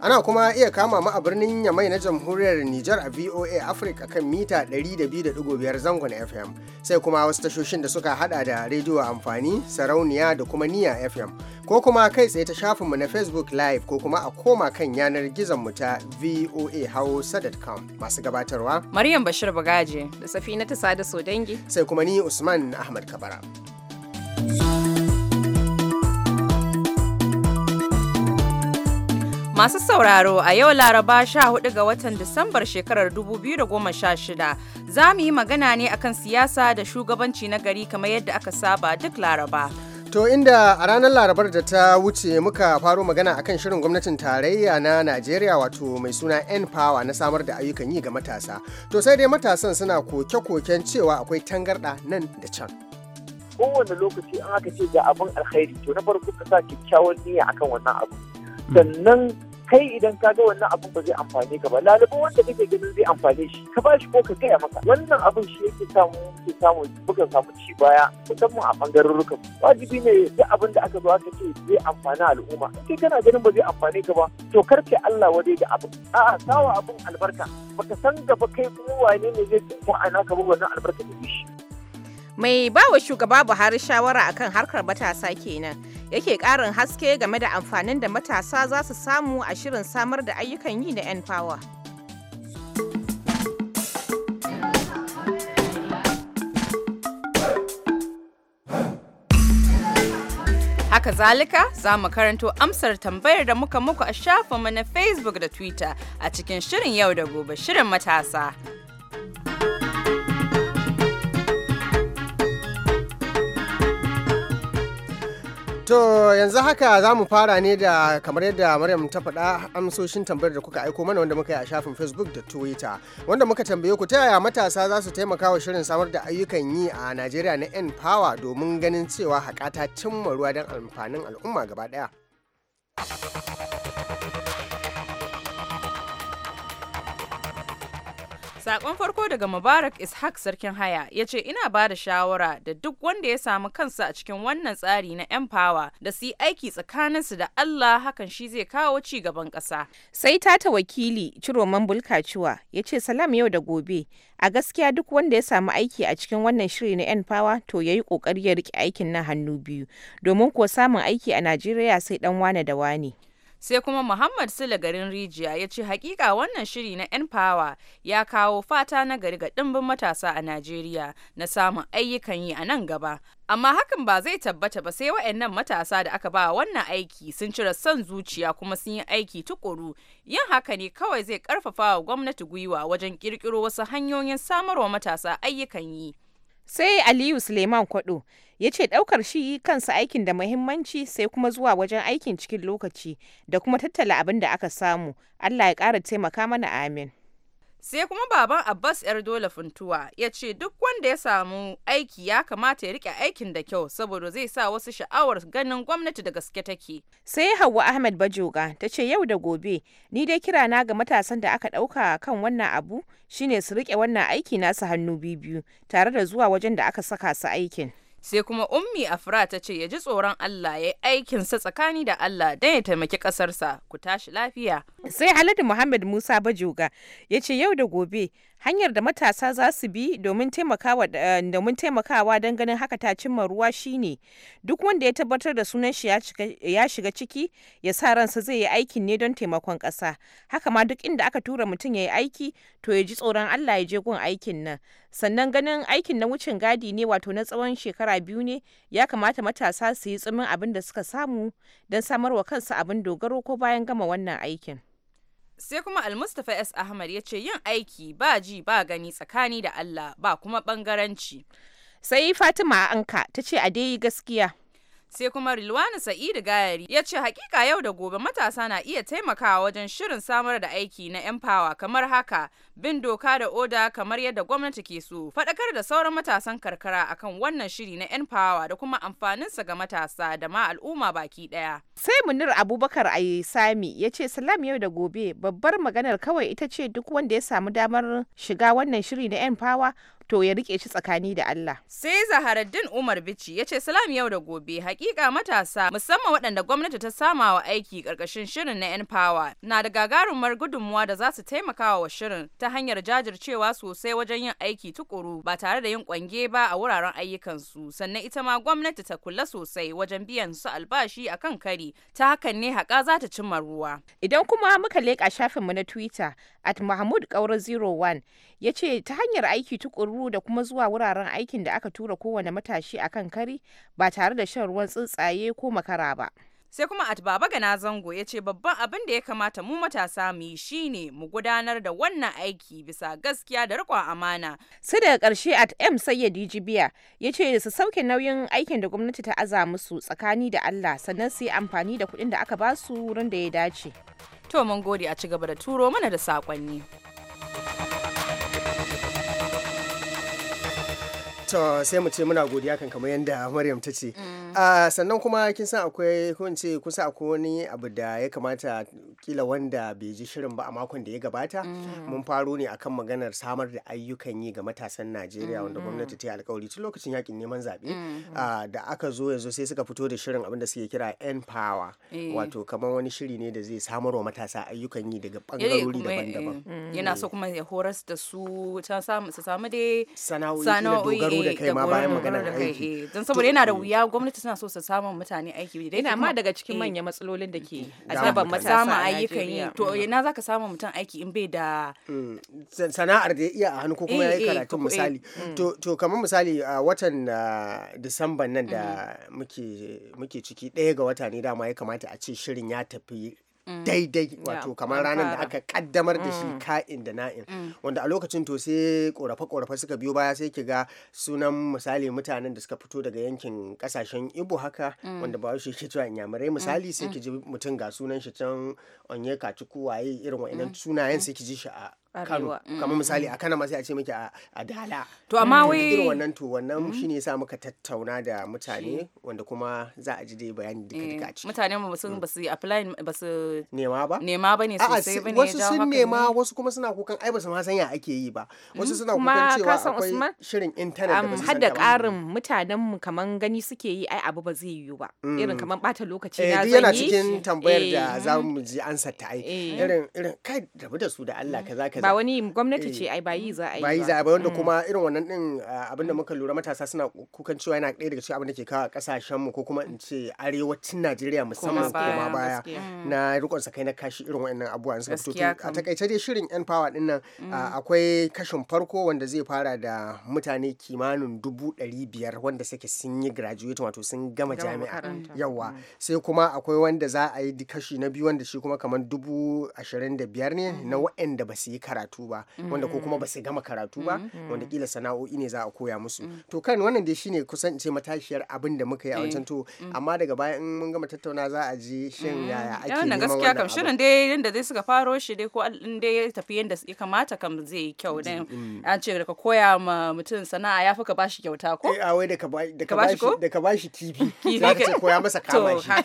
Ana kuma iya kama mu a birnin Yamai na Jamhuriyar Nijar a VOA Africa kan mita 102.5 zangon FM. Sai kuma wasu tashoshin da suka hada da rediyo amfani, sarauniya da kuma niya FM. Ko kuma kai tsaye ta shafinmu na Facebook Live ko kuma a koma kan yanar gizon mu ta voahausa.com masu gabatarwa. Maryam Bashir Bagaje da Safina Tasada Sodangi. Sai kuma ni Usman Ahmad Kabara. Masu sauraro a yau Laraba 14 ga watan Disambar shekarar 2016 za mu yi magana ne akan siyasa da shugabanci na gari kamar yadda aka saba duk Laraba. To inda a ranar Larabar da ta wuce muka faro magana akan shirin gwamnatin tarayya na Najeriya wato mai suna N Power na samar da ayyukan yi ga matasa. To sai dai matasan suna koke-koken cewa akwai tangarɗa nan da can. kowane lokaci an aka ce ga abin alkhairi to na farko ka sa kyakkyawan niyya akan wannan abu sannan kai idan ka ga wannan abin ba zai amfane ka ba lalaba wanda kake ganin zai amfane shi ka ba shi ko ka gaya maka wannan abin shi yake samu ke samu samu ci baya musamman a bangarurrukan wajibi ne duk abin da aka zo aka ce zai amfani al'umma kai kana ganin ba zai amfane ka ba to karke Allah wadai da abin a'a sawa abin albarka baka san gaba kai kuma wane ne zai tsinko a naka ba wannan albarka da shi mai bawa shugaba Buhari shawara akan harkar matasa kenan yake ƙarin haske game da amfanin da matasa za su samu a shirin samar da ayyukan yi na 'yan fawa. Haka zalika za mu karanto amsar tambayar da muka muku a shafinmu na Facebook da Twitter a cikin shirin yau da gobe shirin matasa. To yanzu haka za mu fara ne da kamar yadda Maryam ta faɗa amsoshin tambayar da kuka aiko mana wanda muka yi a shafin Facebook da Twitter wanda muka tambaye ku ta yaya matasa za su taimaka wa shirin samar da ayyukan yi a Najeriya na N Power domin ganin cewa haƙa ta cimma ruwa don amfanin al'umma gaba ɗaya. Sakon farko daga Mubarak Ishaq Sarkin Haya ya ce ina ba da shawara da duk wanda ya samu kansa a cikin wannan tsari na 'yan pawa da su yi aiki tsakaninsu da Allah hakan shi zai kawo ci gaban ƙasa. Sai ta ta wakili Ciroman Bulkaciwa ya ce salam yau da gobe a gaskiya duk wanda ya samu aiki a cikin wannan shiri na 'yan fawa to ya yi ƙoƙari ya rike aikin na hannu biyu domin kuwa samun aiki a Najeriya sai ɗan wane da wane. sai kuma muhammad sule garin rijiya ya ce hakika wannan shiri na yan power ya kawo fata na gari ga dimbin matasa a najeriya na samun ayyukan yi a nan gaba amma hakan ba zai tabbata ba sai waɗannan matasa da aka ba wannan aiki sun cire son zuciya kuma sun yi aiki tukuru yin haka ne kawai zai karfafa wa gwamnati gwiwa wajen kirkiro wasu hanyoyin samarwa matasa ayyukan yi sai aliyu suleiman kwado ya ce ɗaukar shi kansa aikin da muhimmanci sai kuma zuwa wajen aikin cikin lokaci da kuma tattala abin da aka samu allah ya kara taimaka mana amin sai kuma baban abbas yar dole funtuwa ya ce duk wanda ya samu aiki ya kamata ya rike aikin da kyau saboda zai sa wasu sha'awar ganin gwamnati da gaske take sai hawa ahmed bajoga ta ce yau da gobe ni dai kira na ga matasan da aka dauka kan wannan abu shine su rike wannan aiki nasu hannu biyu tare da zuwa wajen da aka saka su aikin sai kuma ummi afra ta ce ya ji tsoron allah ya aikin sa tsakani da allah don ya taimaki kasarsa ku tashi lafiya sai haladu muhammad musa bajoga ya ce yau da gobe hanyar da matasa za su bi eh, domin taimakawa don ganin haka ta cimma ruwa shine duk wanda ya tabbatar da sunan shi ya shiga ciki ya sa ransa zai yi aikin ne don taimakon ƙasa haka ma duk inda aka tura mutum ya yi aiki to ya ji tsoron allah ya je gun aikin nan sannan ganin aikin na wucin gadi ne wato na tsawon shekara biyu ne ya kamata matasa su yi tsumin abin da suka samu don samarwa kansu abin dogaro ko bayan gama wannan aikin sai kuma almustafa s ahmad ya ce yin aiki ba ji ba gani tsakani da allah ba kuma bangaranci sai fatima anka ta ce a dai gaskiya sai kuma Rilwani Sa'idu Gayari ya ce hakika yau da gobe matasa na iya taimakawa wajen shirin samar da aiki na Empower kamar haka bin doka da oda kamar yadda gwamnati ke so faɗakar da sauran matasan karkara akan wannan shiri na Empower da kuma amfaninsa ga matasa da ma al'umma baki ɗaya. Sai Munir Abubakar a Sami ya ce salam yau da gobe babbar maganar kawai ita ce duk wanda ya samu damar shiga wannan shiri na Empower to ya rike shi tsakani da Allah. Sai Zaharaddin Umar Bici ya ce salam yau da gobe hakika matasa musamman waɗanda gwamnati ta sama wa aiki ƙarƙashin shirin na n power na da gagarumar gudunmuwa da za su taimaka wa shirin ta hanyar jajircewa sosai wajen yin aiki tukuru ba tare da yin kwange ba a wuraren ayyukansu sannan ita ma gwamnati ta kula sosai wajen biyan su albashi akan kari ta hakan ne haƙa za ta cimma ruwa. Idan kuma muka leƙa shafinmu na Twitter at Mahmud Kaura 01 ya ce ta hanyar aiki tukuru da kuma zuwa wuraren aikin da aka tura kowane matashi a kan kari ba tare da shan ruwan tsuntsaye ko makara ba sai kuma atbaba gana zango ya ce babban abin da ya kamata mu matasa mu yi shine mu gudanar da wannan aiki bisa gaskiya da riƙon amana sai daga ƙarshe at m sayyadi jibiya ya ce su sauke nauyin aikin da gwamnati ta aza musu tsakani da allah sannan su yi amfani da kuɗin da aka basu wurin da ya dace to mun gode a ci gaba da turo mana da saƙonni to sai mu ce muna godiya kan kamar yadda maryam ta ce mm. ah, sannan kuma kin san akwai kun ce kusa akwai wani abu da ya kamata kila wanda bai ji shirin ba a makon da ya gabata mm. mun faro ne akan maganar samar da ayyukan yi ga matasan najeriya wanda mm-hmm. gwamnati ta yi alkawari tun lokacin yakin neman zaɓe mm-hmm. da aka zo yanzu sai suka fito da shirin abinda suke kira n power eh. wato kamar wani shiri ne da zai samar wa matasa ayyukan yi daga bangarori eh, daban-daban eh, mm. yana so kuma ya horas da su su samu dai sana'o'i dogaro da kai ma bayan maganar aiki don saboda yana da mm. wuya gwamnati suna so su samu mutane aiki da ma daga cikin manyan matsalolin da ke azaban matasa ayyukan yi to mm. ina zaka samu mutum aiki in bai da mm. sana'ar da ya iya a hannu ko kuma ya yi eh, eh, karatun eh, misali mm. to kamar misali a watan uh, disamban nan da mm-hmm. muke ciki ɗaya ga wata ne dama ya kamata a ce shirin ya tafi Mm. daidai wato kamar ranar da aka kaddamar da shi mm. ka'in da na'in mm. wanda a lokacin to sai korafe-korafe suka biyo baya sai ki ga sunan misali mutanen da suka fito daga yankin kasashen ibo haka wanda ba shi ke cewa inyamurai misali sai ki ji mutum ga sunan shi can onye kaci waye irin wa'inan sunayen sai ki ji shi a kano mm. kamar mm. misali a kana ma sai a ce miki a dala to amma mm. wai wannan to wannan shine yasa muka tattauna da mutane wanda kuma za a ji dai bayani duka duka eh, ci mutane ba sun ba su apply ba su nema ba nema ba ne sosai ba ne wasu sun nema wasu kuma suna kukan ai ba su ma sanya ake yi ba hmm, wasu suna kukan cewa akwai shirin internet da ba um, su san da karin mutanen mu kaman gani suke yi ai abu ba zai yiwu ba hmm. irin kaman bata lokaci eh, na zan yi yana cikin tambayar da eh, za hmm. mu ji ansa ta ai irin irin kai rabu da su da Allah kaza kaza ba wani gwamnati ce eh. ai bayi za a yi bayi za a yi wanda mm. kuma irin wannan din ah, abin da muka lura matasa suna kukan cewa yana ɗaya daga cikin abin da ke kawo kasashen mu ko kuma in ce arewacin Najeriya musamman kuma baya mm. na rikon sakai na kashi irin wannan abubuwan suka fito a takaice dai shirin yan power din nan mm. ah, akwai kashin farko wanda zai fara da mutane kimanin dubu ɗari biyar wanda suke sun yi graduate wato sun gama jami'a yawa sai kuma akwai wanda za a yi kashi na biyu wanda shi kuma kamar dubu ashirin da biyar ne mm-hmm. na wa'anda ba su yi karatu karatu ba mm. wanda ko kuma ba su gama karatu ba mm. Mm. wanda kila sana'o'i ne za a koya musu to kan wannan dai shine kusan ce matashiyar abin da muka yi a eh. wancan to amma daga baya in mun gama tattauna za a ji shin yaya ake neman wannan gaskiya kam shirin dai yanda zai suka faro shi dai ko in dai ya tafi yanda ya kamata kam zai yi kyau dan an ce daga koya ma mutum sana'a ya fi ka bashi kyauta ko eh wai da ka bashi da ka bashi TV za ka ce koya masa kama shi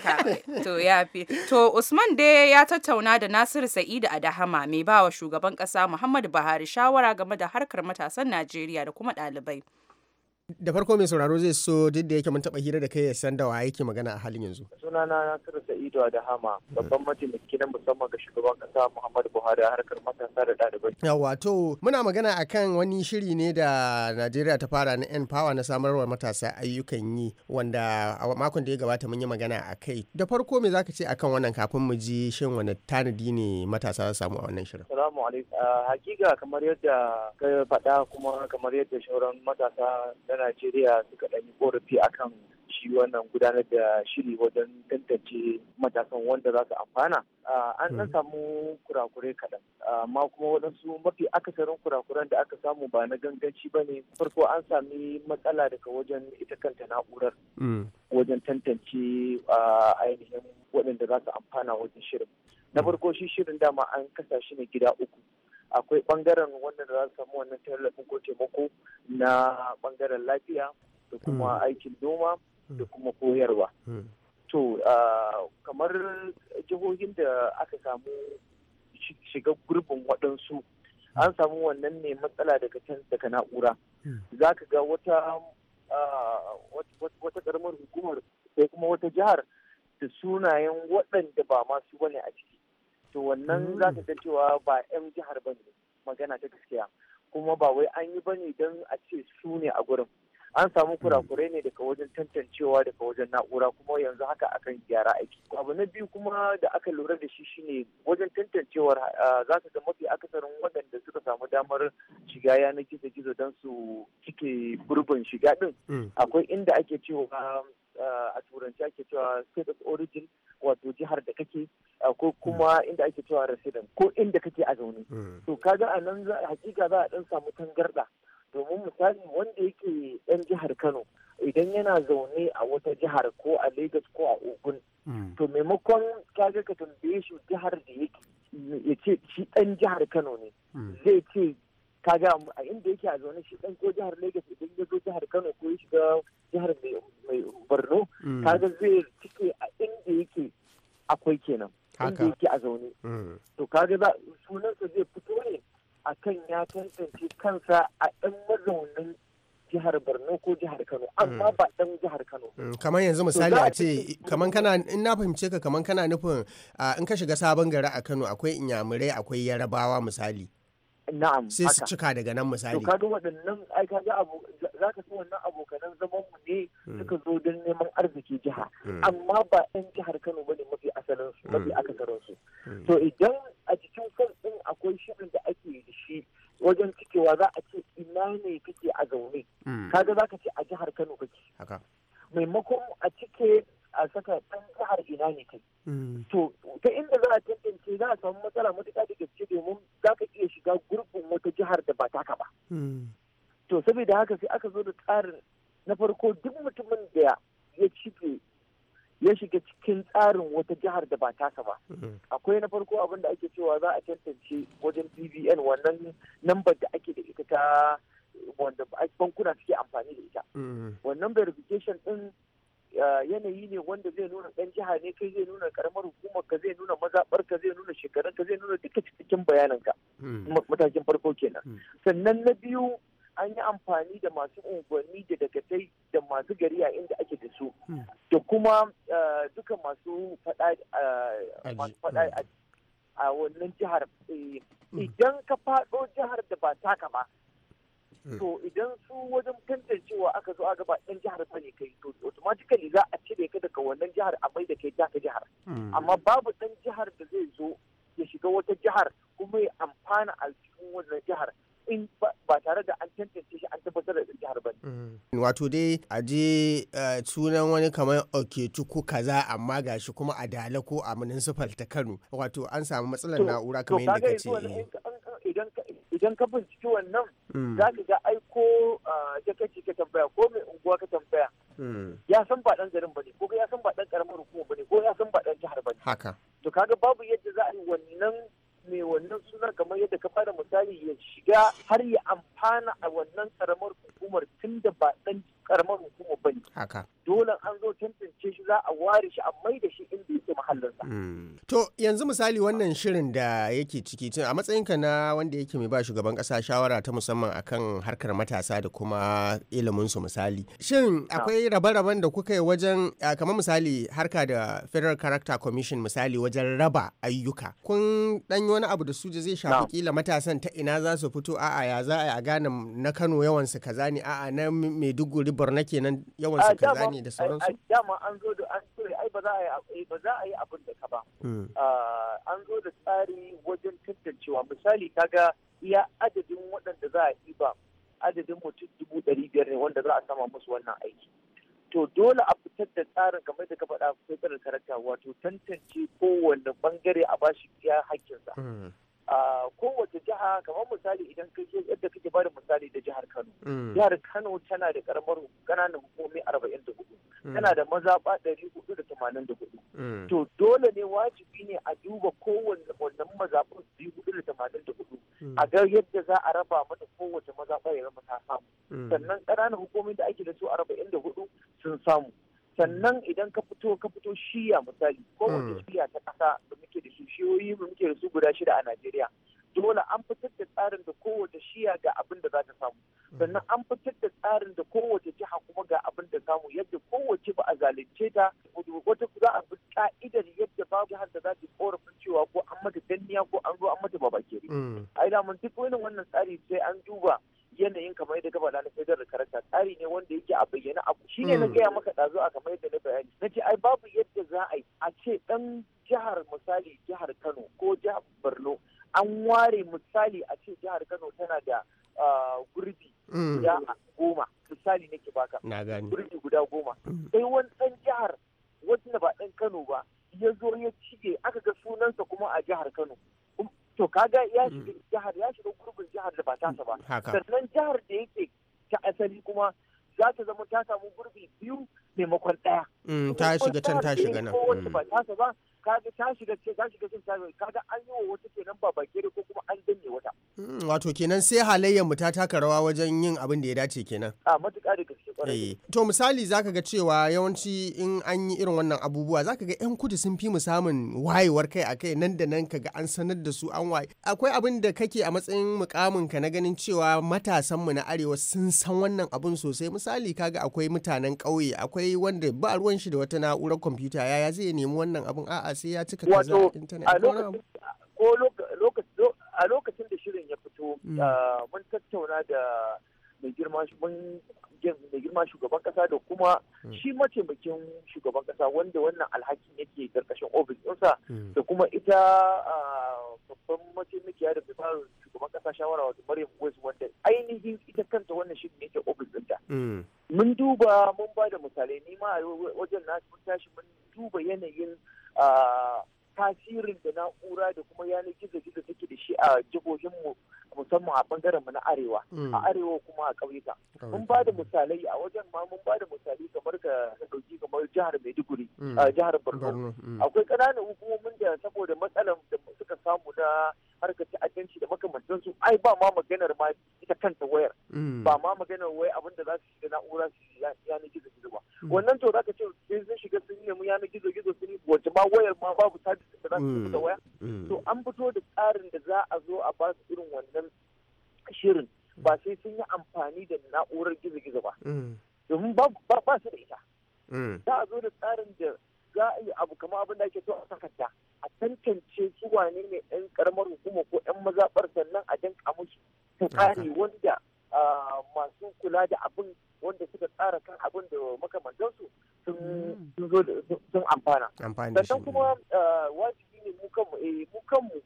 to ya fi to Usman dai ya tattauna da Nasiru Sa'idu Adahama mai bawa shugaban kasa ƙasa Muhammadu Buhari shawara game da harkar matasan Najeriya da kuma ɗalibai. da farko mai sauraro zai so duk da yake mun taba hira da kai ya san da wa yake magana a halin yanzu. sunana nasiru sa'idu da hama babban mataimaki na musamman ga shugaban kasa muhammadu buhari a harkar matasa da ɗalibai. yawa to muna magana akan wani shiri ne da najeriya ta fara na yan power na samarwa matasa ayyukan yi wanda a makon da ya gabata mun yi magana a kai da farko me zaka ce akan wannan kafin mu ji shin wani tanadi ne matasa za samu a wannan shirin. assalamu alaikum hakika kamar yadda ka faɗa kuma kamar yadda shauran matasa na Najeriya suka ɗan korafi akan shi wannan gudanar da shiri wajen tantance matasan wanda za su amfana. An ɗan hmm. samu kurakurai kaɗan, amma kuma waɗansu mafi akasarin kurakuran da aka samu ba na ganganci ba ne. Farko an sami matsala daga wajen ita kanta na'urar hmm. wajen tantance ainihin waɗanda za su amfana wajen shirin. Na hmm. farko shi shirin dama an kasa shi ne gida uku. akwai bangaren da za su samu wannan tallafin ko taimako na bangaren lafiya da kuma hmm. aikin noma hmm. da kuma koyarwa hmm. to kamar jihohin da aka samu shiga gurbin waɗansu an samu wannan ne matsala daga can daga na'ura za ka ga wata ƙaramar karamar hukumar sai kuma wata jihar da sunayen waɗanda ba masu bane a ciki to wannan mm. za ka ga cewa ba 'yan jihar ba ne magana ta gaskiya kuma ba wai an yi ba ne don a ce su ne a gurin an samu mm. kurakurai ne daga wajen tantancewa daga wajen na'ura kuma yanzu haka akan gyara aiki abu na biyu kuma da aka lura da shi shine wajen tantancewar za ka ga mafi akasarin waɗanda suka samu damar shiga yanar gizo-gizo don su cike gurbin shiga ɗin mm. akwai inda ake cewa a turanci ake cewa state of origin wato jihar da kake ko kuma hmm. inda ake cewa resident ko inda kake a zaune hmm. to kaga a nan hakika za a dan samu tangarda domin misali wanda yake dan jihar Kano idan yana zaune a wata jihar ko a Lagos ko a Ogun hmm. to maimakon kaga ka tambaye shi jihar da yake ya ce shi dan jihar Kano ne zai ce kaga a inda yake a zaune shi dan ko jihar Legas idan ya zo jihar Kano ko ya shiga jihar mai Borno mm. kaga zai cike a inda yake akwai kenan inda yake a zaune mm. to kaga ba sunansa zai fito ne akan ya tantance kansa a dan mazaunin jihar Borno ko jihar Kano amma mm. ba dan jihar Kano kamar yanzu misali a ce kamar kana in na fahimce ka kamar kana nufin in ka shiga sabon gari a Kano akwai inyamurai akwai yarabawa misali na'am sai su cika daga nan misali to kaga waɗannan ai kaga abu za ka so wannan abokanan zaman mu ne hmm. suka zo don neman arziki jiha hmm. amma ba yan jihar Kano bane mafi asalin su mafi hmm. akasarin su to idan a cikin kan ɗin akwai shirin da ake da shi wajen cikewa za a ce ina ne kake a zaune kaga za ka ce a jihar Kano kake maimakon a cike a saka ɗan jihar ina ne kai. Mm. To ta inda za a tantance za a samu matsala matuƙa da gaske domin za ka iya shiga gurbin wata jihar da ba taka ba. Mm. To saboda haka sai aka zo da tsarin na farko duk mutumin da ya cike ya shiga cikin tsarin wata jihar da ba taka ba. Mm. Akwai na farko abin da ake cewa za a tantance wajen PVN wannan lambar da ake da ita ta wanda bankuna suke amfani da ita. Wannan verification ɗin yanayi ne wanda zai nuna ɗan jiha ne kai zai nuna karamar hukumar ka zai nuna mazaɓar ka zai nuna shekarun ka zai nuna duka cikin bayanin ka hmm. matakin farko kenan hmm. sannan na biyu an yi amfani da masu unguwanni da dagatai da masu gari a inda ake da su hmm. da kuma duka masu faɗa a wannan jihar eh, idan ka faɗo jihar da ba taka ba Mm. to idan su wajen tantancewa aka zo aka ba ɗan jihar bane ne kai to automatically za a cire ka daga wannan jihar a mai da kai taka jihar mm. amma babu ɗan jihar da zai zo ya shiga wata jihar kuma ya amfana a cikin wannan jihar in ba tare da an tantance shi an tabbatar da jihar ba mm. wato dai a je eh, sunan wani kamar oketuku kaza amma gashi kuma a dala ko a municipal ta kano wato an samu matsalar na'ura kamar yadda ka ce idan ka binciki wannan hmm. za ka ga aiko jakaci ka tambaya ko mai unguwa ka tambaya hmm. ya san ba dan garin bane ko ya san ba dan karamar hukuma bane ko ya san ba dan jihar bane haka to kaga babu yadda za a yi wannan mai wannan suna kamar yadda ka fara misali ya shiga har ya amfana a wannan karamar hukumar tun da ba dan karamar hukumar bane haka dole an zo tantance shi za a ware shi a mai da shi inda yake mahallinsa hmm. to yanzu misali wannan shirin da yake ciki tun a matsayinka na wanda yake mai ba shugaban kasa shawara ta musamman akan harkar matasa da kuma ilimin su misali shin akwai rabe-raben da kuka yi wajen kamar misali harka da federal character commission misali wajen raba ayyuka kun dan wani abu da suje zai shafi kila matasan ta ina za su fito a'a ya za a gane na Kano yawan su kaza ne a'a na Maiduguri borno kenan yawan su kaza ne da sauransu dama an zo da an ai ba za a yi ba abin da ka ba hmm. an zo da tsari wajen tantancewa misali kaga iya adadin waɗanda za a yi ba adadin mutum dubu ɗari biyar ne wanda za a sama musu wannan aiki to dole a fitar da tsarin kamar da ka faɗa fitar da karanta wato tantance kowane bangare a bashi iya hakkinsa hmm. a kowace jiha kamar misali idan kai yadda kake bada misali da jihar Kano mm. jihar Kano tana da karamar kananan hukumomi 44 mm. tana da mazaɓa 484 mm. to dole ne wajibi ne a duba kowanne wannan mazaɓun 484 a ga yadda za a raba mata kowace mazaɓa ya zama ta samu sannan kananan hukumomi da ake da su 44 sun samu sannan idan ka fito ka fito shiya misali ko wani hmm. shiya ta kasa da muke da su shiyoyi mu muke da su guda shida a Najeriya dole an fitar da tsarin da kowace shiya ga abin da za ta samu hmm. sannan an fitar da tsarin da kowace jiha kuma ga abin da samu yadda kowace ba a zalunce ta wata za a bi ka'idar yadda babu jihar da za ta korafin cewa ko an mata danniya ko an zo an mata babakere hmm. a ina mun duk wannan tsari sai an duba yanayin kamar yadda gaba na da karanta tsari ne wanda yake a bayyana abu shi ne na mm. gaya maka ɗazu a kamar yadda na bayani na ce ai babu yadda za a yi a ce dan jihar misali jihar kano ko jihar borno an ware misali a ce jihar kano tana da gurbi mm. guda goma misali nake baka gurbi guda goma mm. sai wani dan jihar wanda ba dan kano ba ya zo ya cike aka ga sunansa kuma a jihar kano to kaga ya mm. shiga jihar ya shiga gurbin jihar da ba tasa ba sannan jihar da yake ta asali kuma za ta zama ta samu gurbi biyu maimakon ɗaya. Mm, ta shiga can ta shiga nan. ba mm. kaga ta shiga ce ta shiga cin tabi kaga an yi wa wata kenan ba bake ko kuma an danne wata hmm, wato kenan sai halayyar mu ta taka rawa wajen yin abin da ya dace kenan a matuƙa da gaske kwarai eh, to misali zaka ga cewa yawanci in an yi irin wannan abubuwa zaka ga yan kudu sun fi mu samun wayewar kai a kai nan da nan kaga an sanar da su an waye akwai abin da kake a matsayin mukamin ka na ganin cewa matasan mu na arewa sun san wannan abun sosai misali kaga akwai mutanen kauye akwai wanda ba ruwan shi da wata na'urar kwamfuta yaya zai nemi wannan abun a'a sai ya cika kaza internet ko a lokacin da shirin ya fito mm. mun tattauna da mai girma shugaban kasa da kuma mm. shi mataimakin shugaban kasa wanda wannan alhakin yake karkashin ofis ɗinsa mm. da kuma ita babban mataimakiya da fi fara shugaban kasa shawara wato maryam west wanda ainihin ita kanta wannan shirin yake ofis ɗinta mun duba mun ba da misalai ni ma a wajen mun tashi mun duba yanayin tasirin da na'ura da kuma yanar gizo gizo take da shi a jihohinmu musamman a bangaren mu na arewa a mm. arewa kuma a ƙauyuka mun ba da misalai a wajen ma mun ba da misalai kamar ka dauki kamar jihar Maiduguri mm. a jihar Borno mm. akwai ƙananan hukumomin da saboda matsalan da suka samu na harkar ta'addanci da su ai ba ma maganar ma ita kanta wayar ba ma maganar wai abin da za su shiga na'ura su yanar gizo gizo ba wannan to zaka ce sai sun shiga sun nemi yanar gizo gizo sun yi wace ma wayar ma babu sabis da za su da waya to an fito da tsarin da za a zo a ba su irin wannan shirin ba sai sun yi amfani da na'urar gizo-gizo ba mm. domin ba su da ita mm. za a zo da tsarin da za a yi abu kamar abin da ake so a takarda a tantance su wane ne yan karamar hukuma ko yan mazaɓar sannan a jan musu ta tsari wanda masu kula da abin wanda suka tsara kan abin da su mm. sun amfana sannan kuma wajibi ne mu kanmu eh,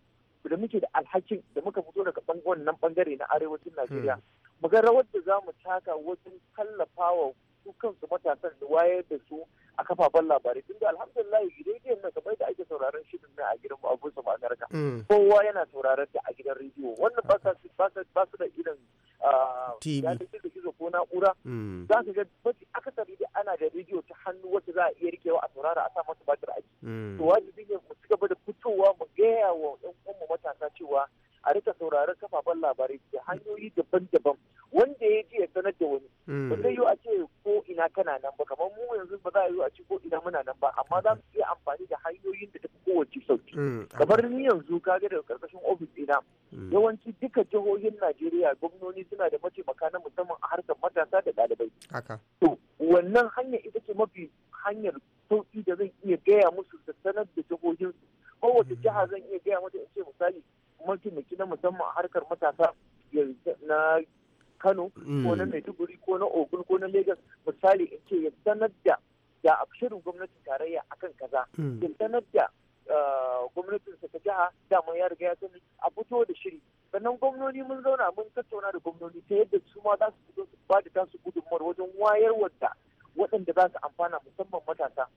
da muke da alhakin da muka fito daga nan bangare na arewacin hmm. Najeriya mu ga rawar da zamu taka wajen tallafawa su kansu matasan da wayar da su a kafafen labarai tunda alhamdulillah rediyon na kamar da ake sauraron shirin na a gidan abun su Amerika hmm. kowa yana sauraron ta a gidan rediyo wannan ba su da irin ah, TV da gizo ko na'ura hmm. za ka ga mafi akasari da ana da rediyo ta hannu wacce za a iya rikewa a saurara a sa masu batir aiki to wajibi ne kamar ni yanzu ga daga karkashin ofis ɗina hmm. yawanci duka jihohin najeriya gwamnoni suna da mataimaka na musamman a harkar matasa da ɗalibai to wannan hanya ita ce mafi hanyar sauki da zan iya gaya musu da sanar da jihohin kowace hmm. jiha zan iya gaya mata in ce misali mataimaki na musamman a harkar matasa na kano hmm. ko na maiduguri ko na ogun ko na lagos misali in ce ya sanar da da shirin gwamnatin tarayya akan kaza ya sanar da ah, daga jiha damar ya riga ya sani a fito da shiri sannan gwamnoni mun zauna mun tattauna da gwamnoni ta yadda su ma za su fito su ba da tasu gudunmuwar wajen wayarwar da waɗanda za su amfana musamman matasa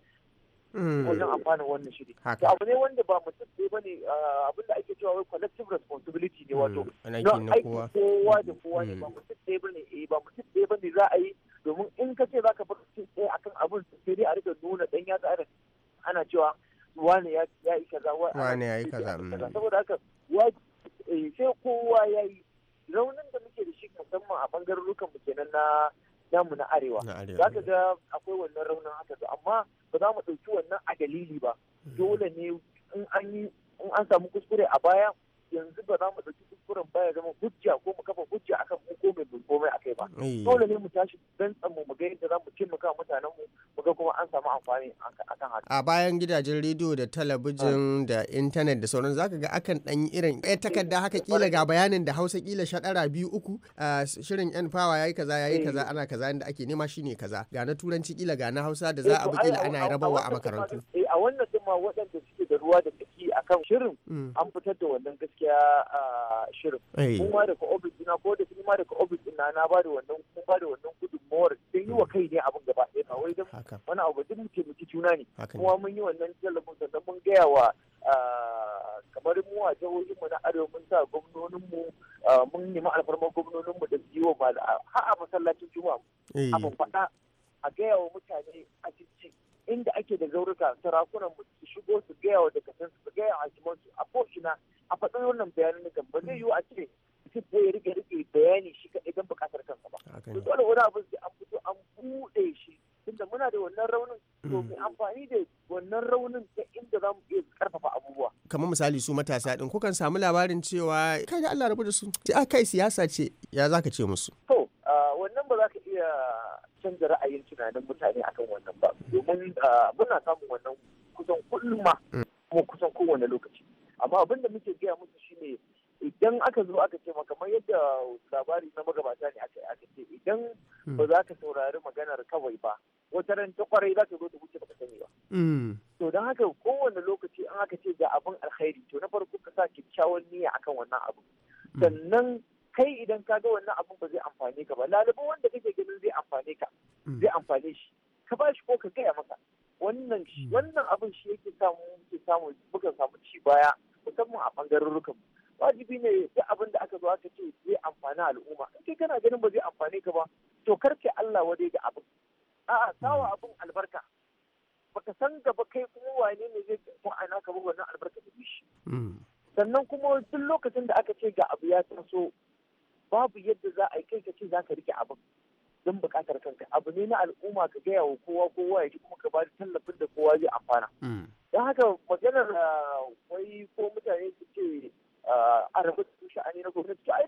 hmm. wajen amfanin wannan shiri. To abu ne wanda ba mutum ɗaya ba ne ah, abin da ake cewa collective responsibility ne hmm. wato. Na aiki kowa da kowa ne hmm. ba mutum ɗaya ba ne eh ba mutum ɗaya ba ne za a yi domin in ka ce za ka bar mutum ɗaya akan abin sai dai a riga nuna ɗan yatsa ana cewa wane ya yi kaza wane ya yi mm. kaza saboda haka eh, sai kowa ya yi raunin da muke da shi musamman a bangarorukan mu kenan na namu na arewa za ka mm. ga akwai wannan raunin haka to amma ba za mu ɗauki wannan a dalili ba mm. dole ne in an samu kuskure a baya yanzu ba za mu ɗauki kuskuren ba ya zama hujja ko mu kafa hujja akan mu ko mai bin komai akai ba eh. dole ne mu tashi dan tsammu mu ga yadda za mu kan mutanen mu mu ga kuma an samu amfani akan haka a bayan gidajen rediyo da talabijin ah. da intanet da sauran zaka ga akan dan irin ɗaya takarda haka kila eh, ga bayanin da Hausa kila shaɗara biyu uku ah, shirin yan fawa yayi kaza yayi eh. kaza ana kaza inda ake nema shine kaza ga na turanci kila ga na Hausa da za a bi kila ana rabawa a makarantu a wannan ma waɗanda suke da ruwa da tsaki kan shirin mm. an fitar da wannan gaskiya shirin mun ma daga ofis dina ko da kuma daga ofis dina na ba da wannan kuma ba da wannan gudunmawar sai yi wa mm. kai ne abin gaba ɗaya ba wai wani abu duk muke muke juna ne kuma mun yi wannan tallafin sannan mun gaya wa kamar mu a jihohin mu na arewa mun sa gwamnonin mu mun nemi alfarmar gwamnonin mu da su yi wa ba a masallacin juma'a abin faɗa a gaya wa mutane a cikin inda ake da zaurika sarakunan mu su shigo su gaya wa dakatansu su gaya hakiman su a ko'ina a faɗin wannan bayanin kan ba zai yi a ce mutum ya rike rike bayani shi kaɗai don buƙatar kansa ba. to dole wani abu sai an fito an buɗe shi tunda muna da wannan raunin to mm. mu amfani da wannan raunin ta inda za mu iya karfafa abubuwa. Kamar misali su matasa ɗin kukan samu labarin cewa kai da Allah rabu da su. a ah, kai siyasa ce ya za ka ce musu. To ah, wannan ba za ka iya canza ra'ayin tunanin mutane akan wannan ba domin ah, muna samun wannan kusan kullum ma mm. kuma kusan kowane lokaci amma abin da muke gaya musu shine idan aka zo aka ce kamar yadda labari na magabata ne aka aka ce idan mm. ba za ka saurari maganar kawai ba wata ran ta kwarai za ka zo ta wuce baka sani ba mm. to don haka kowane lokaci an aka ce ga abin alkhairi to na farko ka sa kyakkyawan niyya akan wannan abu sannan kai idan ka ga wannan abin ba zai amfane ka ba lalibu wanda kake Mm. zai amfane shi ka ba shi ko ka gaya masa wannan mm. wannan abin shi yake samu muke samu muka samu ci baya musamman a bangaren mu wajibi ne duk abin da aka zo aka ce zai amfani al'umma in kai kana ganin ba zai amfane ka ba to karke Allah wadai da abin a'a sawa mm. abin albarka baka san gaba kai kuma wane ne zai ko ana ka ba wannan albarka da shi sannan kuma duk lokacin da aka al'umma ka gaya wa kowa kowa ya ji kuma ka ba da tallafin da kowa zai amfana. Mm. Don haka maganar ah, wai ko mutane su ce ah, a rabu da sha'ani na gwamnati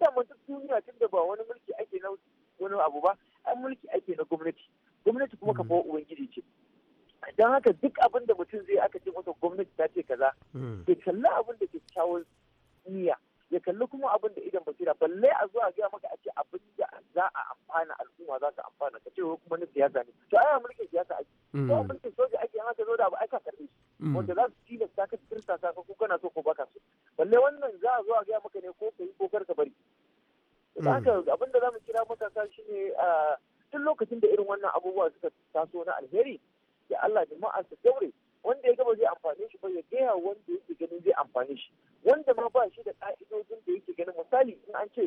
abubuwa suka taso na alheri ya Allah ma'a su daure wanda ya gaba zai amfani shi ba ya gaya wanda yake ganin zai amfani shi wanda ma ba shi da ka'idojin da yake ganin misali in an ce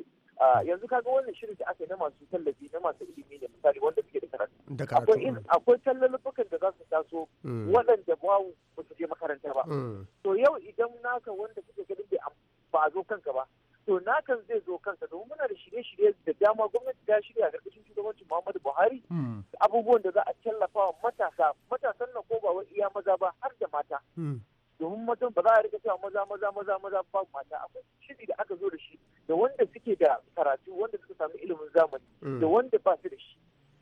yanzu kaga wannan shirin da aka yi na masu tallafi na masu ilimi da misali wanda suke da karatu akwai akwai tallalukan da za su taso mm. waɗanda ba ba su je makaranta ba mm. to yau idan naka wanda suke ganin bai ba a zo kanka ba to nakan zai zo kanka domin muna da shirye-shirye da dama gwamnati ta shirya a ƙarƙashin Muhammadu Buhari hmm. abubuwan da za a tallafa wa matasa matasan nan ko ba wai iya maza ba har da mata hmm. domin mutum ba za a rika cewa maza maza maza maza ba mata akwai shiri da aka zo da shi da wanda suke da karatu wanda suka sami ilimin zamani hmm. da wanda ba su da shi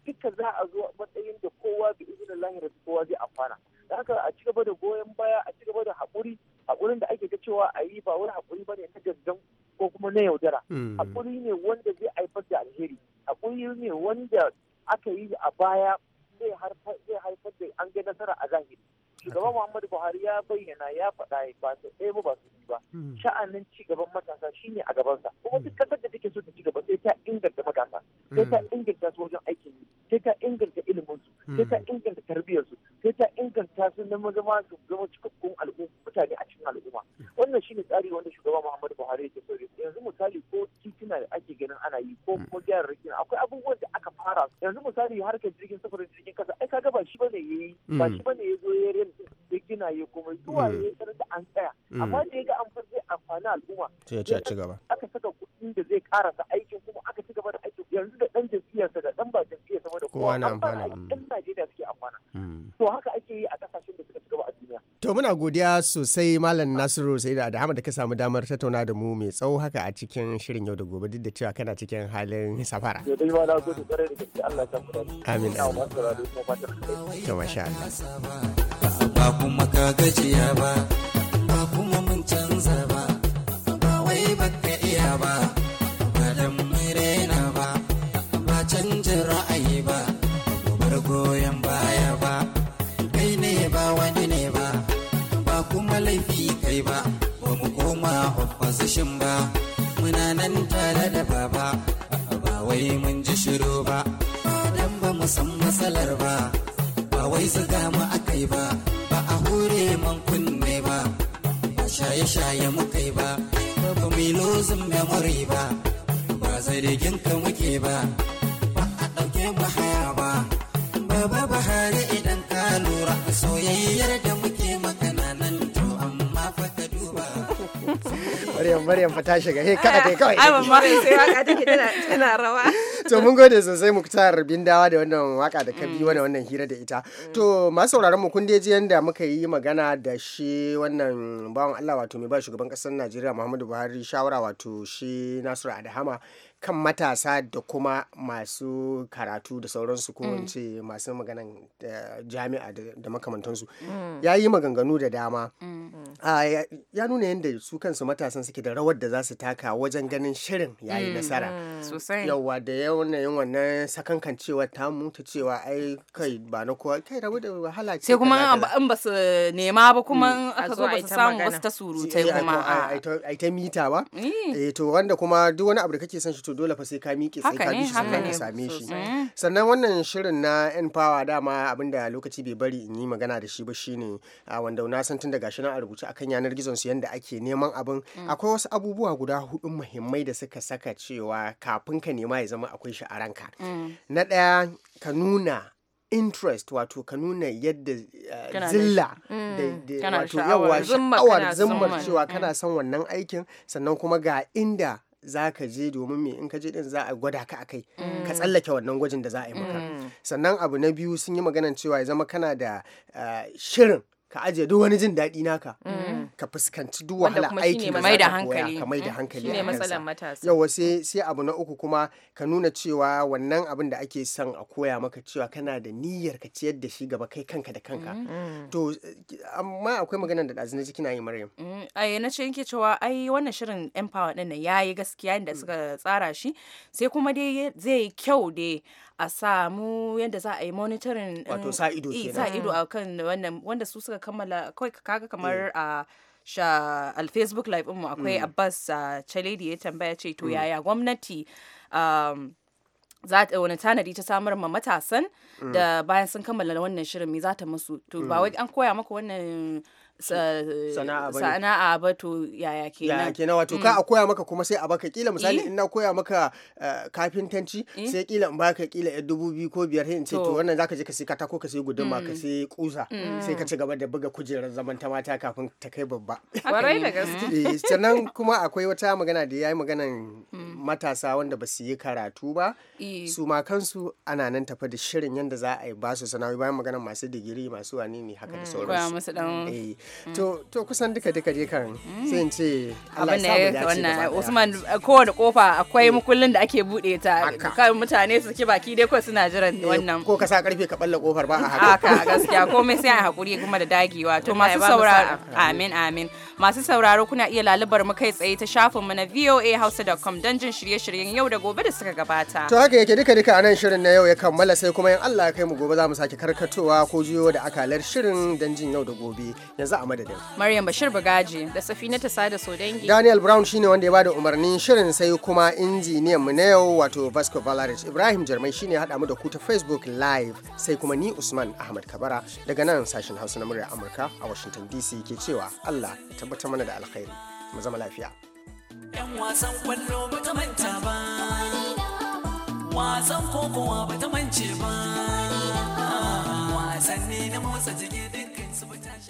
duka za a zo matsayin da kowa da izinin lahira kowa zai amfana da haka a ci gaba da goyon baya a ci gaba da haƙuri haƙurin da ake ga cewa a yi ba wani haƙuri ba ne na gangan ko kuma na yaudara haƙuri ne wanda zai haifar da alheri ƙungiyar ne wanda aka yi a baya zai haifar da an ga nasara a zahiri shugaban muhammadu buhari ya bayyana ya faɗa ba su ɗaya ba ba su ba hmm. sha'anin ci gaban matasa shi ne a gabansa kuma hmm. duk kasar da take so ta ci gaba sai ta inganta matasa sai ta hmm. inganta su wajen aikin yi sai ta inganta ilimin sai ta inganta tarbiyyar sai ta inganta su na zama su zama cikakkun al'umma mutane a cikin al'umma wannan shi ne tsari wanda shugaban muhammadu buhari yake so yanzu misali ko tituna da ake ganin ana yi ko kuma gyara yanzu misali harkar jirgin safarin jirgin kasa ai kaga ba shi bane yayi mm. ba shi bane ya zo ya rin ya gina ya kuma zuwa mm. ya sanar da an tsaya mm. amma da ya ga an fara zai amfani al'umma sai ya ci gaba aka saka kuɗin da zai karasa aikin kuma aka ci gaba da aikin yanzu da dan jam'iyyar da dan ba ya sama da kowa amfani a ɗan Najeriya suke amfana to haka ake yi a To muna godiya sosai Malam Nasiru sai da Ahmad da ka samu damar tattauna da mu mai tsawo haka a cikin shirin yau da gobe duk da cewa kana cikin halin safara. Amin. To masha Allah. Ba kuma ka gajiya ba, ba kuma mun canza ba, ba wai baka iya ba. goshin ba muna nan tare da baba ba wai mun ji shiru ba dan ba mu san matsalar ba ba wai zuga mu akai ba ba a hure man kunne ba ba shaye-shaye mu kai ba ba mu lozin memory ba ba zargin ka muke ba ba a ɗauke mu haya ba Ba ba bahari idan ka lura soyayyar da Maryam Maryam fa ta shiga he kada kai kawai ai mamma sai waka take tana tana rawa to mun gode sosai Muktar dawa da wannan waka da ka bi wannan mm. wannan hira da ita to masu sauraron mu kun ji yanda muka yi magana da shi wannan bawan Allah wato mai ba shugaban kasar Najeriya Muhammadu Buhari shawara wato shi Nasiru Adahama kan matasa da kuma masu karatu da sauransu ko mm. in ce masu maganan eh, jami'a da makamantansu mm. ya yi maganganu da dama mm. ah, ya nuna yadda su kansu matasan suke da rawar da za su taka wajen ganin shirin ya yi nasara yauwa da yin wannan sakankan cewa ta mutu cewa ai kai ba na kowa kai rabu da wahala ce kuma in ba su nema ba kuma aka zo ba su samu wasu ta surutai eh, kuma ai ta mita ba eh. to wanda kuma duk wani abu da kake son shi to dole fa sai ka miƙe sai ka bi shi sannan ka same shi sannan wannan shirin na n power dama abinda lokaci bai bari in yi magana da shi ba shine a wanda na san tun daga shi na a rubuce akan yanar gizon su yanda ake neman abin mm. akwai wasu abubuwa guda hudu muhimmai da suka saka cewa kafin ka nema ya zama akwai shi a ranka mm. na ɗaya ka nuna interest wato ka nuna yadda zilla mm. da wato yawa sha'awar zimmar cewa kana son wannan aikin sannan kuma ga inda za ka je domin me in ka je din za a gwada ka a kai. ka mm. tsallake wannan gwajin da za a yi maka mm. sannan abu na biyu sun yi maganan cewa ya zama kana da ah, shirin ka ajiye duk wani jin daɗi naka mm. ka fuskanci duk wahala aiki da mai da hankali ka mai da hankali a matasa yawa sai sai abu na uku kuma ka nuna cewa wannan abin da ake son a koya maka cewa kana da niyyar ka ciyar da shi gaba kai kanka da kanka mm. Mm. to amma akwai maganar da ɗazu na ji kina yi Maryam ai na ce yake cewa ai wannan shirin empower din ya yi gaskiya inda suka tsara shi sai kuma dai zai yi kyau dai a samu yadda za a yi monitoring wato sa ido eh, sa ido kan wannan wanda su suka kammala kawai kaga kamar mm. a ah, sha al facebook live mu akwai mm. abbas ah, chaledi ya tambaya ce to mm. yaya gwamnati um, zata wani tanadi ta samar ma matasan da bayan sun kammala wannan shirin me zata ta musu to ba wai an koya maka wannan sana'a ba to yaya kenan yaya kenan wato ka mm. a koya maka kuma sai a baka kila misali eh? in na koya maka eh, kafintanci eh? sai kila in baka kila yar dubu biyu ko biyar sai in ce to wannan zaka je ka sai katako ka sai guduma ka mm. sai kusa mm. sai ka ci gaba da buga kujerar zaman ta mata kafin ta kai babba kwarai da gaske sannan kuma akwai wata magana da yayi maganan matasa wanda ba su yi karatu ba su ma kansu ana nan tafa da shirin yadda za a yi ba su sana'o'i bayan maganan masu digiri masu wani ne haka da sauransu to to kusan duka duka dai kan sai in ce Allah ya samu wannan Usman kowane kofa akwai eh. mukullin da ake bude ta kan mutane su ki baki dai ko suna jiran eh, wannan ko ka sa karfe ka balla kofar ba a haka haka gaskiya komai sai a hakuri kuma da dagewa to masu sauraro amin amin masu sauraro kuna iya lalubar mu kai tsaye ta shafinmu na voahouse.com don jin shirye-shiryen yau da gobe da suka gabata. To haka yake duka duka anan shirin na yau ya kammala sai kuma in Allah ya kai mu gobe za mu sake karkatowa ko juyo da akalar shirin don jin yau da gobe. Yanzu za a madadin. Maryam Bashir Bugaji da Safina ta sada Sodangi. Daniel Brown shine wanda ya bada umarnin shirin sai kuma injiniyan mu na yau wato Vasco Valaris. Ibrahim Jarmai shine hada mu da ku ta Facebook Live sai kuma ni Usman Ahmad Kabara daga nan sashen Hausa na muryar Amurka a Washington DC ke cewa Allah ya tabbatar mana da alkhairi. Mu zama lafiya. wasan kwallo manta ba. Wasan kokowa na motsa dinkin su